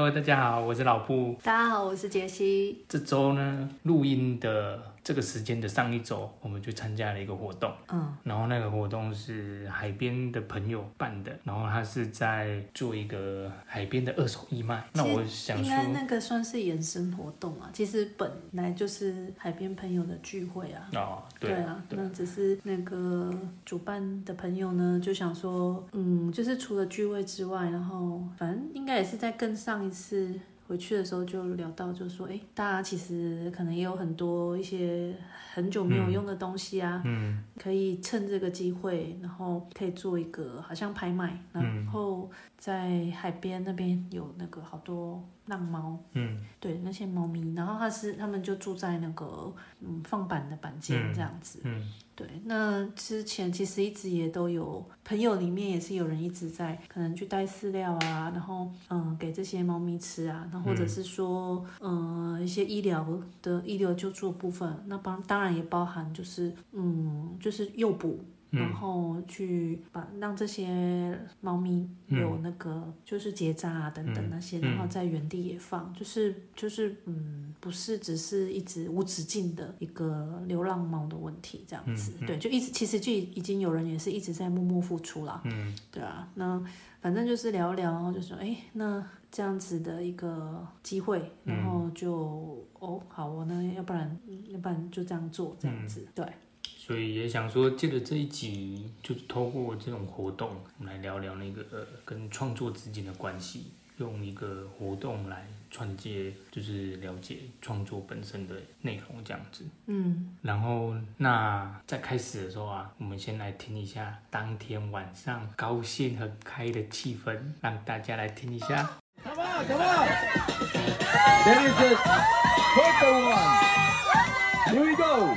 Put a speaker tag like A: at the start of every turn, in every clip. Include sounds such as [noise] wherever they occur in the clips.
A: 哈囉大家好，我是老布。
B: 大家好，我是杰西。
A: 這週呢，錄音的。這個時間的上一周，我們就參加了一個活動，嗯，然後那個活動是海邊的朋友辦的，然後他是在做一個海邊的二手義賣。那我想說應
B: 該那個算是延伸活動啊，其實本來就是海邊朋友的聚會啊。哦對，對啊對，那只是那個主辦的朋友呢，就想說，嗯，就是除了聚會之外，然後反正應該也是在跟上一次。回去的時候就聊到就，就說哎，大家其實可能也有很多一些很久沒有用的東西啊，嗯，可以趁這個機會，然後可以做一個好像拍賣，然後在海邊那邊有那個好多。浪貓，嗯，對，那些貓咪，然後他是他們就住在那個嗯放板的板間這樣子，嗯，嗯，對。那之前其實一直也都有朋友裡面也是有人一直在可能去帶飼料啊，然後嗯給這些貓咪吃啊，那或者是說嗯、呃、一些醫療的醫療救助部分，那包當然也包含就是嗯就是誘捕。然後去把讓這些貓咪有那個就是結紮、啊、等等那些，嗯嗯，然後在原地也放，就是就是嗯，不是只是一直無止境的一個流浪貓的問題這樣子，嗯嗯、對，就一直其實就已經有人也是一直在默默付出啦，嗯，對啊，那反正就是聊一聊，然後就說哎，那這樣子的一個機會，然後就哦好我、哦、呢，要不然要不然就這樣做這樣子，嗯、對。
A: 所以也想說，借着這一集，就是透過這種活動，我們來聊聊那個呃，跟創作之間的關係，用一個活動來串接，就是了解創作本身的內容這樣子。嗯，然後那在開始的時候啊，我們先來聽一下當天晚上高興和開的氣氛，讓大家來聽一下。
B: Come on,
A: come on, this is the perfect one. Here we go.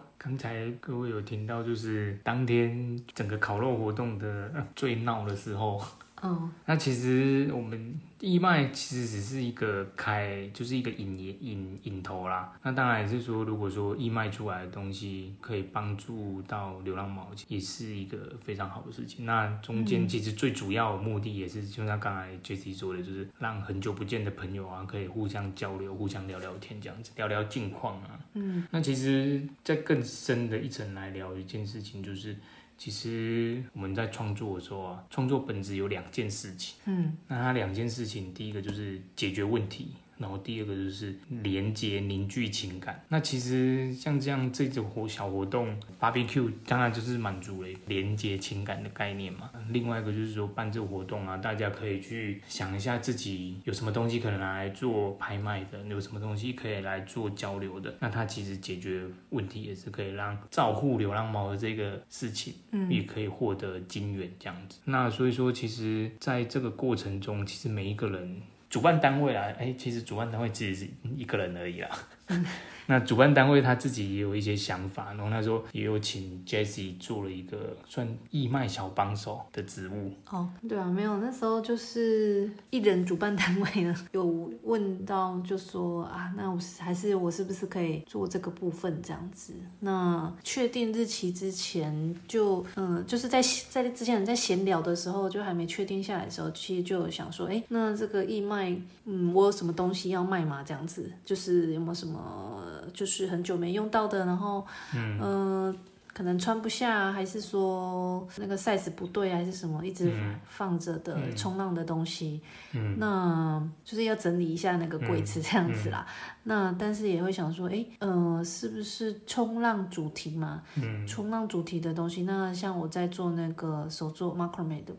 A: 剛才各位有聽到，就是當天整個烤肉活動的最鬧的時候。哦、oh.，那其實我們義、e、賣其實只是一個開，就是一個引引引頭啦。那當然也是說，如果說義、e、賣出來的東西可以幫助到流浪貓，也是一個非常好的事情。那中間其實最主要的目的也是，嗯、就像剛才 JC 說的，就是讓很久不見的朋友啊，可以互相交流，互相聊聊天，這樣子聊聊近況啊。嗯，那其實，在更深的一層來聊一件事情，就是。其實我們在創作的時候啊，創作本質有兩件事情。嗯，那它兩件事情，第一個就是解決問題。然後第二個就是連接凝聚情感。嗯、那其實像這樣這種活小活動，Barbecue 當然就是滿足了連接情感的概念嘛。另外一個就是說，辦這個活動啊，大家可以去想一下自己有什麼東西可能拿來做拍賣的，有什麼東西可以來做交流的。那它其實解決問題也是可以讓照顧流浪貓的這個事情，嗯，也可以獲得金源這樣子，嗯。那所以說，其實在這個過程中，其實每一個人。主辦單位啦，哎、欸，其實主辦單位只是一個人而已啦。Okay. 那主辦單位他自己也有一些想法，然後他說也有請 JC 做了一個算義賣小幫手的職務。
B: 哦、oh，對啊，沒有那時候就是一人主辦單位呢，有問到就說啊，那我是還是我是不是可以做這個部分這樣子？那確定日期之前就嗯，就是在在之前在閒聊的時候就還沒確定下來的時候，其實就有想說，哎、欸，那這個義賣嗯，我有什麼東西要賣嗎？這樣子就是有沒有什麼？就是很久沒用到的，然後嗯、呃，可能穿不下，還是說那個 size 不對，還是什麼，一直放着的、嗯、衝浪的東西，嗯，那就是要整理一下那個櫃子、嗯、這樣子啦。嗯嗯、那但是也會想說，誒，嗯、呃，是不是衝浪主題嘛？嗯，衝浪主題的東西，那像我在做那個手作 macrame 的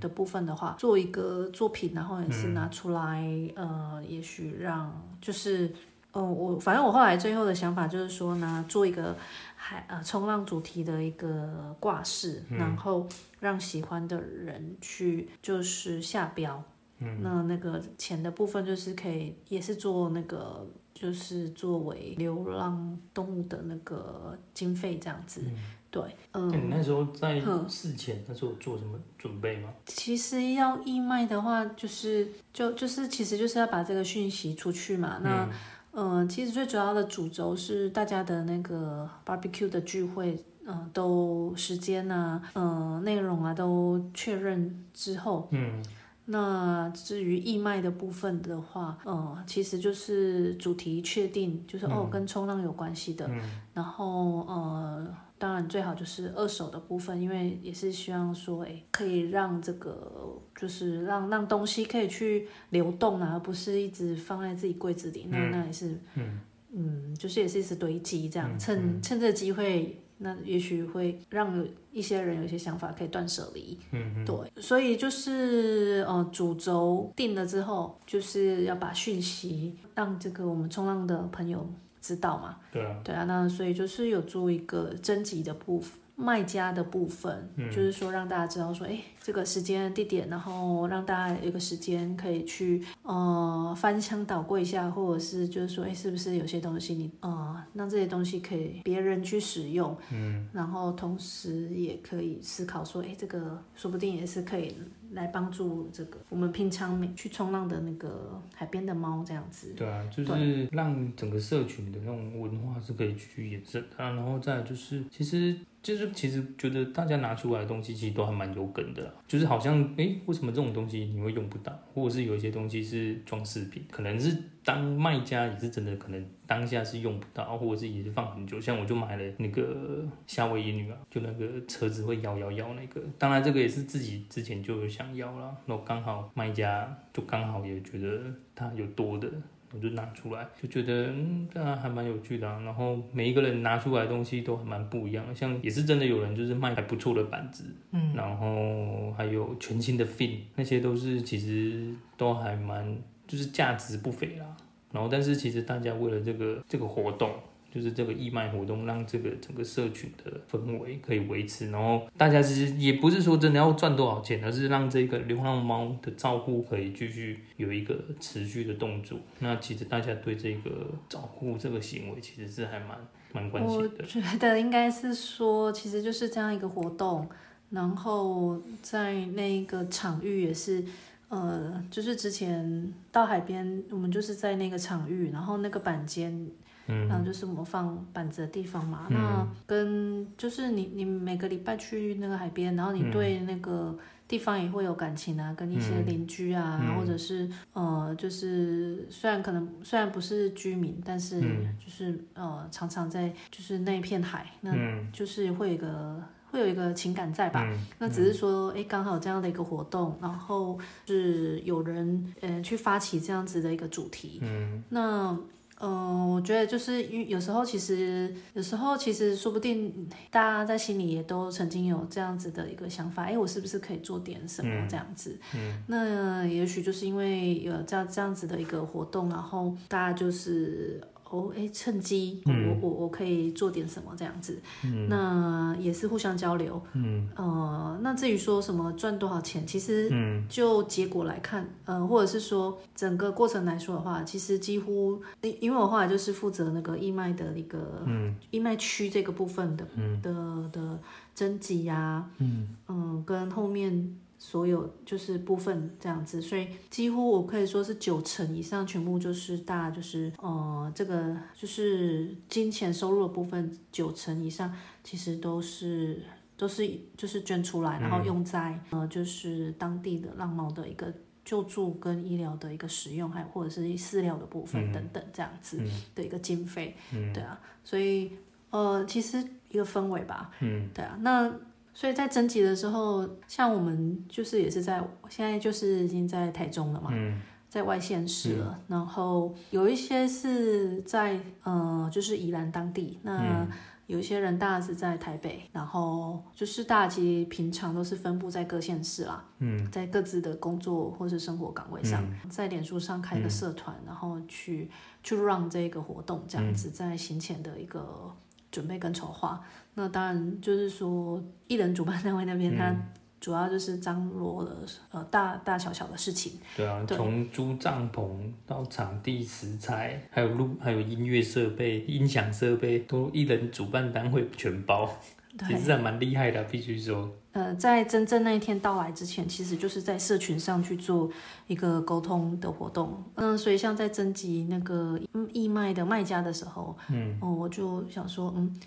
B: 的部分的話、嗯，做一個作品，然後也是拿出來，嗯、呃，也許讓就是。嗯，我反正我後來最後的想法就是說呢，做一個海呃衝浪主題的一個掛飾、嗯，然後讓喜歡的人去就是下標、嗯，那那個錢的部分就是可以也是做那個就是作為流浪動物的那個經費這樣子，嗯、對，嗯，那時候在
A: 事前，那時候做什麼準備嗎？
B: 其實要義賣的話、就是，就是就就是其實就是要把這個訊息出去嘛，嗯、那。嗯，其實最主要的主軸是大家的那個 barbecue 的聚會，嗯，都時間吶、啊，嗯，內容啊都確認之後，嗯，那至於義賣的部分的話，嗯，其實就是主題確定，就是、嗯、哦跟衝浪有關係的，嗯、然後呃。嗯當然，最好就是二手的部分，因為也是希望說，哎、欸，可以讓這個就是讓讓東西可以去流動啊，而不是一直放在自己櫃子裡，那、嗯、那也是，嗯，嗯就是也是一直堆積這樣，嗯、趁趁這機會，那也許會讓一些人有一些想法，可以斷舍離。嗯，對，所以就是呃，主軸定了之後，就是要把訊息讓這個我們衝浪的朋友。知道嘛？對啊，對啊，那所以就是有做一個徵集的部分。賣家的部分，嗯，就是說讓大家知道說，哎、欸，這個時間地點，然後讓大家有個時間可以去，呃，翻箱倒櫃一下，或者是就是說，哎、欸，是不是有些東西你，呃，讓這些東西可以別人去使用，嗯，然後同時也可以思考說，哎、欸，這個說不定也是可以來幫助這個我們平常去衝浪的那個海邊的貓這樣子，
A: 對啊，就是讓整個社群的那種文化是可以去延伸啊，然後再就是其實。就是其實覺得大家拿出來的東西其實都還蠻有梗的，就是好像誒、欸，為什麼這種東西你會用不到，或者是有一些東西是裝飾品，可能是當賣家也是真的，可能當下是用不到，或者是也是放很久。像我就買了那個夏威夷女郎，就那個車子會搖搖搖那個，當然這個也是自己之前就有想要了，那剛好賣家就剛好也覺得它有多的。我就拿出來，就覺得嗯，大家還蠻有趣的啊。然後每一個人拿出來的東西都還蠻不一樣的，像也是真的有人就是賣還不錯的板子，嗯，然後還有全新的 Fin，那些都是其實都還蠻就是價值不菲啦。然後但是其實大家為了這個這個活動。就是這個義賣活動，讓這個整個社群的氛圍可以維持，然後大家其實也不是說真的要賺多少錢，而是讓這個流浪貓的照顧可以繼續有一個持續的動作。那其實大家對這個照顧這個行為，其實是還蠻蠻關心的。我覺
B: 得應該是說，其實就是這樣一個活動，然後在那個場域也是，呃，就是之前到海邊，我們就是在那個場域，然後那個板間。嗯、然後就是我們放板子的地方嘛，嗯、那跟就是你你每個禮拜去那個海邊，然後你對那個地方也會有感情啊，跟一些鄰居啊，嗯、或者是呃，就是雖然可能雖然不是居民，但是就是、嗯、呃，常常在就是那一片海，那就是會有一個會有一個情感在吧？嗯、那只是說，哎、嗯，剛好這樣的一個活動，然後是有人嗯、呃、去發起這樣子的一個主題，嗯，那。嗯，我覺得就是，有有時候其實，有時候其實說不定，大家在心裡也都曾經有這樣子的一個想法，哎、欸，我是不是可以做點什麼這樣子？嗯嗯、那也許就是因為有這樣這樣子的一個活動，然後大家就是。哦，哎，趁機，嗯、我我我可以做點什麼這樣子，嗯、那也是互相交流，嗯、呃，那至於說什麼賺多少錢，其實，就結果來看，嗯、呃，或者是說整個過程來說的話，其實幾乎，因為我後來就是負責那個義賣的一個、嗯、義賣區這個部分的、嗯、的的徵集啊，嗯，呃、跟後面。所有就是部分這樣子，所以幾乎我可以說是九成以上全部就是大就是呃這個就是金錢收入的部分九成以上其實都是都是就是捐出來，然後用在呃就是當地的浪貓的一個救助跟醫療的一個使用，還或者是飼料的部分等等這樣子的一個經費，對啊，所以呃其實一個氛圍吧，嗯，對啊那。所以在徵集的時候，像我們就是也是在現在就是已經在台中了嘛，嗯、在外縣市了、嗯，然後有一些是在嗯、呃、就是宜蘭當地，那、嗯、有一些人大家是在台北，然後就是大家平常都是分布在各縣市啦、嗯，在各自的工作或是生活崗位上，嗯、在臉書上開一個社團，嗯、然後去去 run 這個活動這樣子、嗯、在行前的一個準備跟籌劃。那當然，就是說，藝人主辦單位那邊，他、嗯、主要就是張羅了呃大大，大小小的事情。
A: 對啊，從租帳篷到場地、食材，還有錄，還有音樂設備、音響設備，都藝人主辦單位全包，對，其實還蠻厲害的，必須說。
B: 呃，在真正那一天到來之前，其實就是在社群上去做一個溝通的活動。嗯，所以像在徵集那個義賣的賣家的時候，嗯，哦、我就想說，嗯。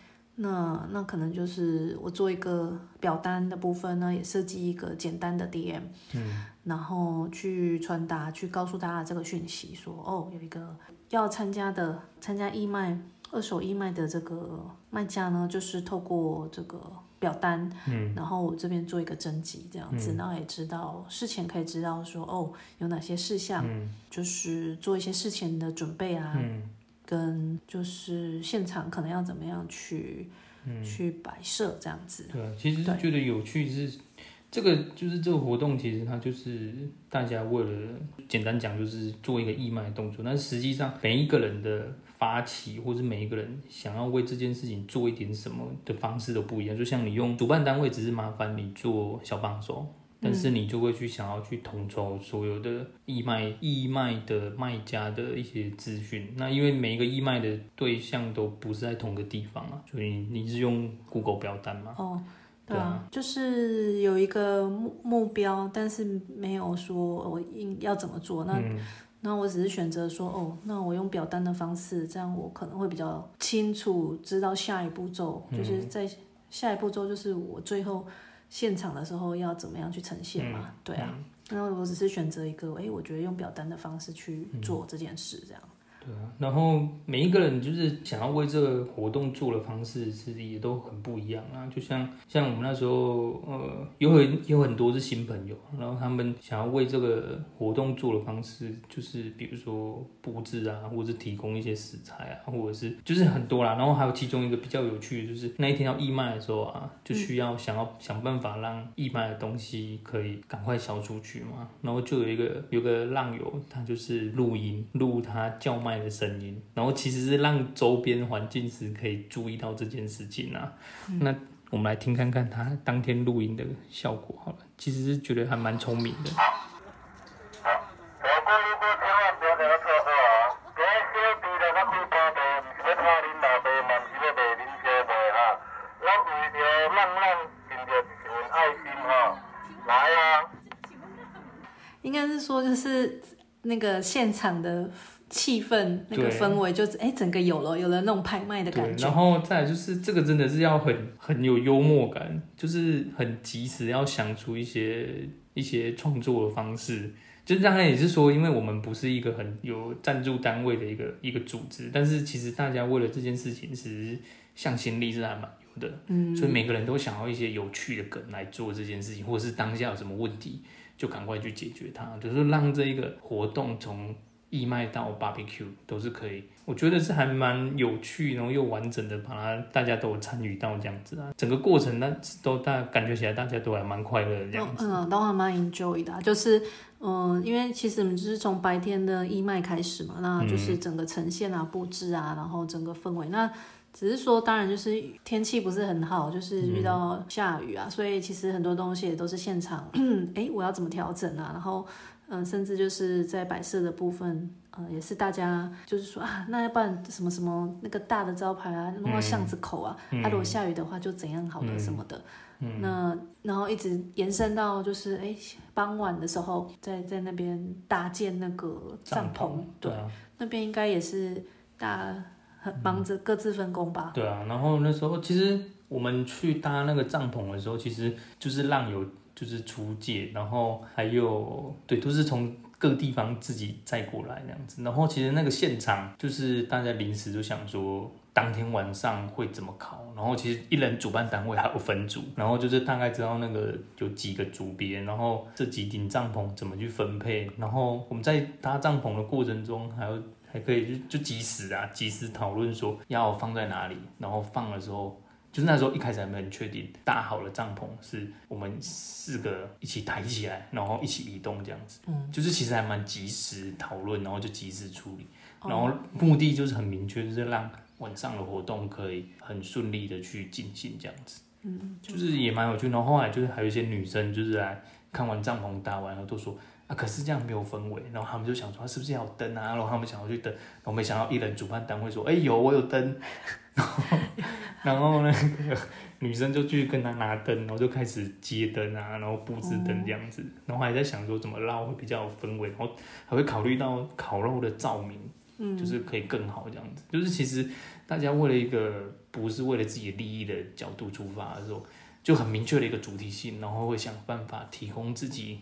B: 那那可能就是我做一個表單的部分呢，也設計一個簡單的 DM，嗯，然後去傳達，去告訴大家這個訊息，說哦，有一個要參加的參加義賣二手義賣的這個賣家呢，就是透過這個表單，嗯，然後我這邊做一個徵集這樣子，嗯，然後也知道事前可以知道說哦，有哪些事項，嗯，就是做一些事前的準備啊，嗯。跟就是現場可能要怎麼樣去，嗯，去擺設這樣子。
A: 對，其實覺得有趣是，這個就是這個活動，其實它就是大家為了簡單講，就是做一個義賣動作。但實際上每一個人的發起，或是每一個人想要為這件事情做一點什麼的方式都不一樣。就像你用主辦單位，只是麻煩你做小幫手。但是你就會去想要去統籌所有的義賣，義賣的賣家的一些資訊。那因為每一個義賣的對象都不是在同個地方啊，所以你是用 Google 表單嘛？哦，
B: 對啊，就是有一個目目標，但是沒有說我應要怎麼做。那、嗯、那我只是選擇說，哦，那我用表單的方式，這樣我可能會比較清楚知道下一步驟。就是在下一步驟就是我最後。現場的時候要怎麼樣去呈現嘛？嗯、對啊，那、嗯、我只是選擇一個，哎，我覺得用表單的方式去做這件事這樣。
A: 對啊，然後每一個人就是想要為這個活動做的方式其實也都很不一樣啊，就像像我們那時候呃，有很有很多是新朋友，然後他們想要為這個活動做的方式就是比如說布置啊，或者是提供一些食材啊，或者是就是很多啦，然後還有其中一個比較有趣的就是那一天要義賣的時候啊，就需要想要，嗯、想辦法讓義賣的東西可以趕快銷出去嘛，然後就有一個有個浪友他就是錄音錄他叫賣。的聲音，然後其實是讓周邊環境時可以注意到這件事情啊。嗯、那我們來聽看看他當天錄音的效果好了，其實是覺得還蠻聰明的。好、啊，啊、走過路過千萬
B: 不要錯過啊！不是老不是你、啊、一，漫漫一愛心哈、啊，來、啊、應該是說就是那個現場的。氣氛那個氛圍就是哎、欸，整個有了有了那種拍賣的
A: 感覺。然後再來就是這個真的是要很很有幽默感，就是很及時要想出一些一些創作的方式。就剛才也是說，因為我們不是一個很有贊助單位的一個一個組織，但是其實大家為了這件事情，其實向心力是還蠻有的。嗯，所以每個人都想要一些有趣的梗來做這件事情，或者是當下有什麼問題，就趕快去解決它，就是讓這一個活動從。義賣到 BBQ 都是可以，我覺得是還蠻有趣，然後又完整的把它，大家都有參與到這樣子啊，整個過程那都大感覺起來大家都還蠻快樂的這樣子。嗯、oh, uh,，
B: 都還蠻 enjoy 的、啊，就是嗯，因為其實我們就是從白天的義賣開始嘛，那就是整個呈現啊、布置啊，然後整個氛圍，那只是說當然就是天氣不是很好，就是遇到下雨啊、嗯，所以其實很多東西也都是現場，哎、欸，我要怎麼調整啊，然後。嗯、呃，甚至就是在擺設的部分，呃，也是大家就是說啊，那要不然什麼什麼那個大的招牌啊，弄到巷子口啊，它、嗯啊、如果下雨的話就怎樣好的什麼的，嗯嗯、那然後一直延伸到就是哎、欸、傍晚的時候，在在那邊搭建那個帳篷，篷，對，對啊、那邊應該也是大家很忙着各自分工吧。
A: 對啊，然後那時候其實我們去搭那個帳篷的時候，其實就是讓有。就是出借，然後還有對，都是從各地方自己再過來那樣子。然後其實那個現場就是大家臨時就想說，當天晚上會怎麼考。然後其實一人主辦單位還有分組，然後就是大概知道那個有幾個組別，然後這幾頂帳篷怎麼去分配。然後我們在搭帳篷的過程中還，還有還可以就就即時啊，即時討論說要放在哪裡，然後放的時候。就是那時候一開始還沒很確定，搭好了帳篷是我們四個一起抬起來，然後一起移動這樣子。嗯，就是其實還蠻及時討論，然後就及時處理，然後目的就是很明確，就是讓晚上的活動可以很順利的去進行這樣子。嗯，就是也蠻有趣。然後後來就是還有一些女生就是來看完帳篷搭完了都說啊，可是這樣沒有氛圍。然後他們就想說，啊，是不是要燈啊？然後他們想要去燈，然後沒想到一人主辦單位說，欸，哎有我有燈。 [laughs] 然後，然後那個女生就去跟他拿燈，然後就開始接燈啊，然後布置燈這樣子。哦，然後還在想說怎麼撈會比較有氛圍，然後還會考慮到烤肉的照明，嗯，就是可以更好這樣子。就是其實大家為了一個不是為了自己利益的角度出發的時候，就很明確的一個主題性，然後會想辦法提供自己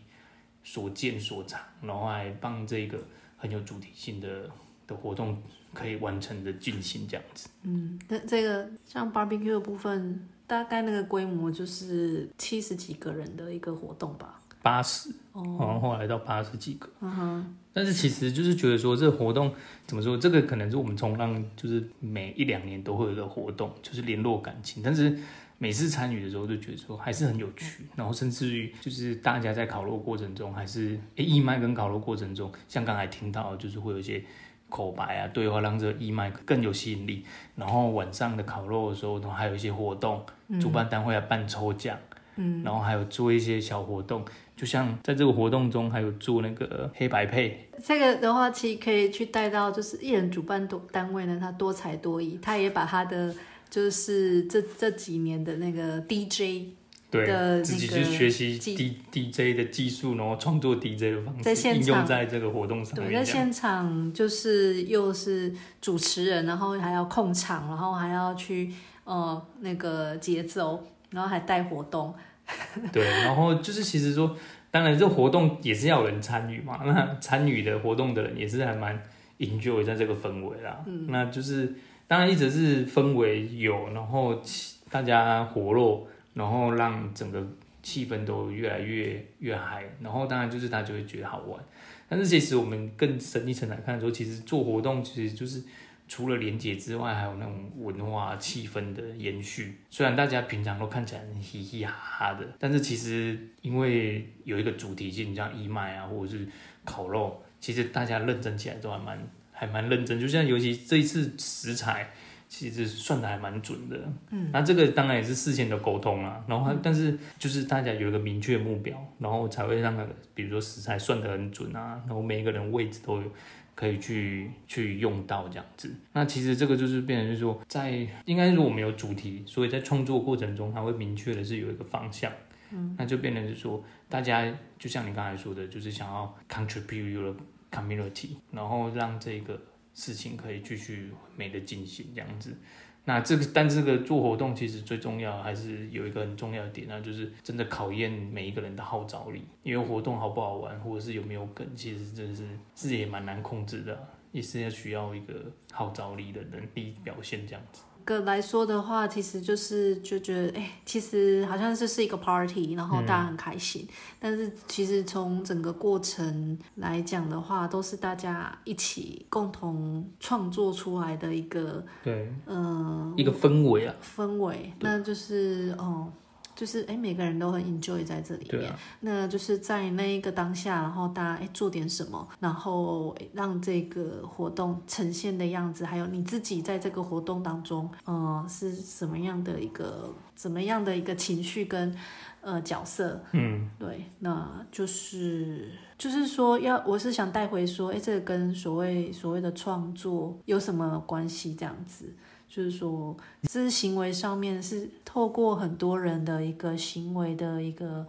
A: 所見所長，然後還幫這個很有主題性的的活動。可以完成的進行這樣子，
B: 嗯，那這個像 barbecue 的部分，大概那個規模就是七十幾個人的一個活動吧，
A: 八十哦，然後後來到八十幾個，嗯
B: 哼。
A: 但是其實就是覺得說，這個活動怎麼說，這個可能是我們衝浪就是每一兩年都會有一個活動，就是聯絡感情。但是每次參與的時候就覺得說還是很有趣，然後甚至於就是大家在烤肉過程中，還是、欸、義賣跟烤肉過程中，像剛才聽到就是會有一些。口白啊，對話讓這個義賣更有吸引力。然後晚上的烤肉的時候，都還有一些活動，主辦單位要辦抽獎，嗯，然後還有做一些小活動，就像在這個活動中還有做那個黑白配。
B: 這個的話，其實可以去帶到，就是藝人主辦多單位呢，他多才多藝，他也把他的就是這這幾年的那個 DJ。對、那個、自己去學習 D
A: D J 的技術，然後創作 D J 的方式在現場，應用在這個活動上面對。在現場
B: 就是又是主持人，然後還要控場，然後還要去、呃、那個節奏，然後還帶活動。 [laughs]
A: 對，然後就是其實說，當然這活動也是要有人參與嘛。那參與的活動的人也是還蠻 enjoy 在這個氛圍啦、嗯。那就是當然一直是氛圍有，然後大家活絡，然後讓整個氣氛都越來越越嗨，然後當然就是他就會覺得好玩，但是其實我們更深一層來看的時候，其實做活動其實就是除了連結之外，還有那種文化氣氛的延續。雖然大家平常都看起來嘻嘻哈哈的，但是其實因為有一個主題性，像義賣啊，或者是烤肉，其實大家認真起來都還蠻還蠻認真。就像尤其這一次食材。其實算得還蠻準的，嗯，那這個當然也是事先的溝通啊，然後但是就是大家有一個明確目標，然後才會讓比如說食材算得很準啊，然後每一個人位置都可以去、嗯、去用到這樣子。那其實這個就是變成是說，在應該是我們有主題，所以在創作過程中它會明確的是有一個方向，嗯，那就變成就是說大家就像你剛才說的，就是想要 contribute your community，然後讓這個。事情可以繼續沒得進行這樣子，那這個但這個做活動其實最重要還是有一個很重要的點啊，那就是真的考驗每一個人的號召力。因為活動好不好玩或者是有沒有梗，其實真的是自己也蠻難控制的啊，也是要需要一個號召力的能力表現這樣子。
B: 個來說的話，其實就是就覺得，哎、欸，其實好像是是一個 party，然後大家很開心。嗯、但是其實從整個過程來講的話，都是大家一起共同創作出來的一個，對，嗯、呃，一個氛圍啊，氛圍，那就是哦。就是哎，每個人都很 enjoy 在這裡面、啊，那就是在那一個當下，然後大家哎做點什麼，然後讓這個活動呈現的樣子，還有你自己在這個活動當中，嗯、呃，是什麼樣的一個怎麼樣的一個情緒跟呃角色？嗯，對，那就是就是說要，我是想帶回說，哎，這個跟所謂所謂的創作有什麼關係？這樣子。就是說，這行為上面是透過很多人的一個行為的一個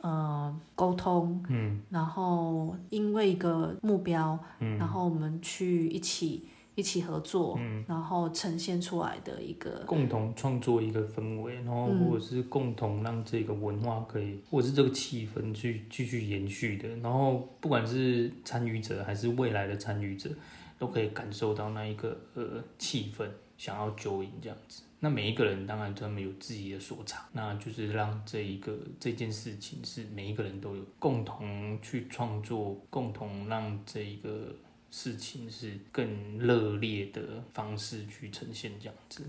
B: 呃溝通，嗯，然後因為一個目標，嗯，然後我們去一起一起合作，嗯，然後呈現出來的一個共
A: 同創作一個氛圍，然後或者是共同讓這個文化可以、嗯，或者是這個氣氛去繼續延續的，然後不管是參與者還是未來的參與者，都可以感受到那一個呃氣氛。想要 join 這樣子，那每一個人當然他們有自己的所長，那就是讓這一個這件事情是每一個人都有共同去創作，共同讓這一個事情是更熱烈的方式去呈現這樣子。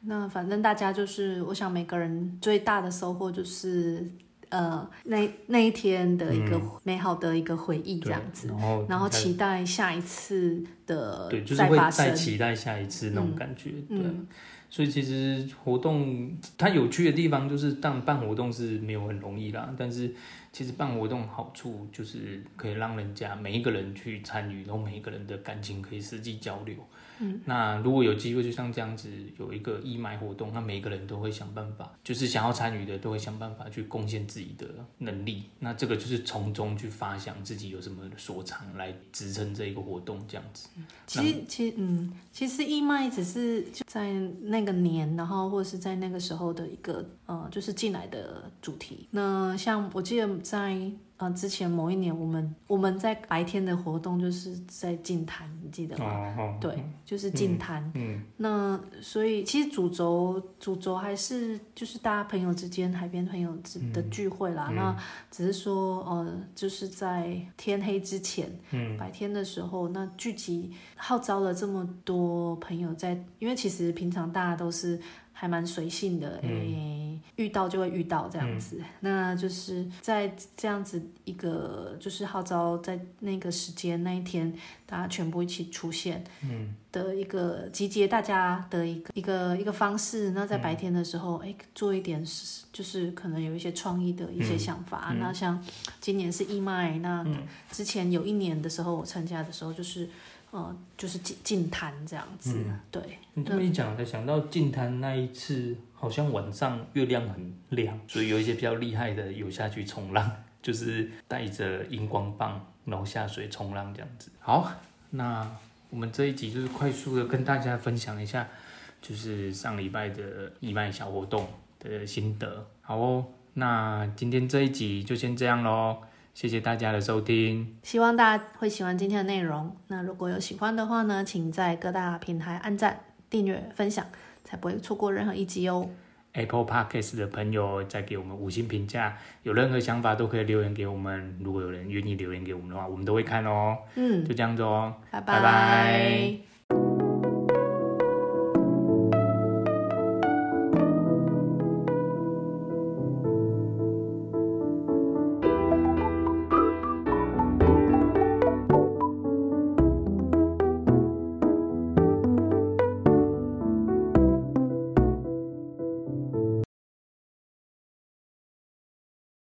B: 那反正大家就是，我想每個人最大的收穫就是。呃，那那一天的一個美好的一個回憶，這樣子，嗯然，然後期待下一次的對，就是會再期待
A: 下一次那種感覺，嗯、對、啊。所以其實活動它有趣的地方，就是但辦活動是沒有很容易啦，但是其實辦活動好處就是可以讓人家每一個人去參與，然後每一個人的感情可以實際交流。嗯，那如果有機會，就像這樣子有一個義賣活動，那每個人都會想辦法，就是想要參與的都會想辦法去貢獻自己的能力。那這個就是從中去發想自己有什麼所長來支撐這一個活動，這樣子。
B: 其實，其嗯，其實義賣，嗯，只是就在那個年，然後或者是在那個時候的一個呃，就是進來的主題。那像我記得在。啊、呃，之前某一年我們我們在白天的活動就是在淨灘，你記得嗎？Oh, oh. 對，就是淨灘、嗯。嗯，那所以其實主軸主軸還是就是大家朋友之間、海邊朋友、嗯、的聚會啦。嗯、那只是說呃，就是在天黑之前，嗯，白天的時候，那聚集號召了這麼多朋友在，因為其實平常大家都是。還蠻隨性的，哎、嗯欸，遇到就會遇到這樣子，嗯、那就是在這樣子一個就是號召，在那個時間那一天，大家全部一起出現，嗯，的一個集結大家的一個一個一個方式。那在白天的時候，哎、嗯欸，做一點就是可能有一些創意的一些想法。嗯嗯、那像今年是義賣，那之前有一年的時候我參加的時候，就是。嗯，就是近近灘這樣子。嗯、對你這
A: 麼一講，才想到近灘那一次，好像晚上月亮很亮，所以有一些比較厲害的有下去衝浪，就是帶着熒光棒然後下水衝浪這樣子。好，那我們這一集就是快速的跟大家分享一下，就是上禮拜的義賣小活動的心得。好哦，那今天這一集就先這樣嘍。謝謝大家的收聽，
B: 希望大家會喜歡今天的內容。那如果有喜歡的話呢，請在各大平台按讚、訂閱、分享，才不會錯過任何一集哦。
A: Apple Podcast 的朋友再給我們五星評價，有任何想法都可以留言給我們。如果有人願意留言給我們的話，我們都會看哦。嗯，就這樣子哦，
B: 拜拜。Bye bye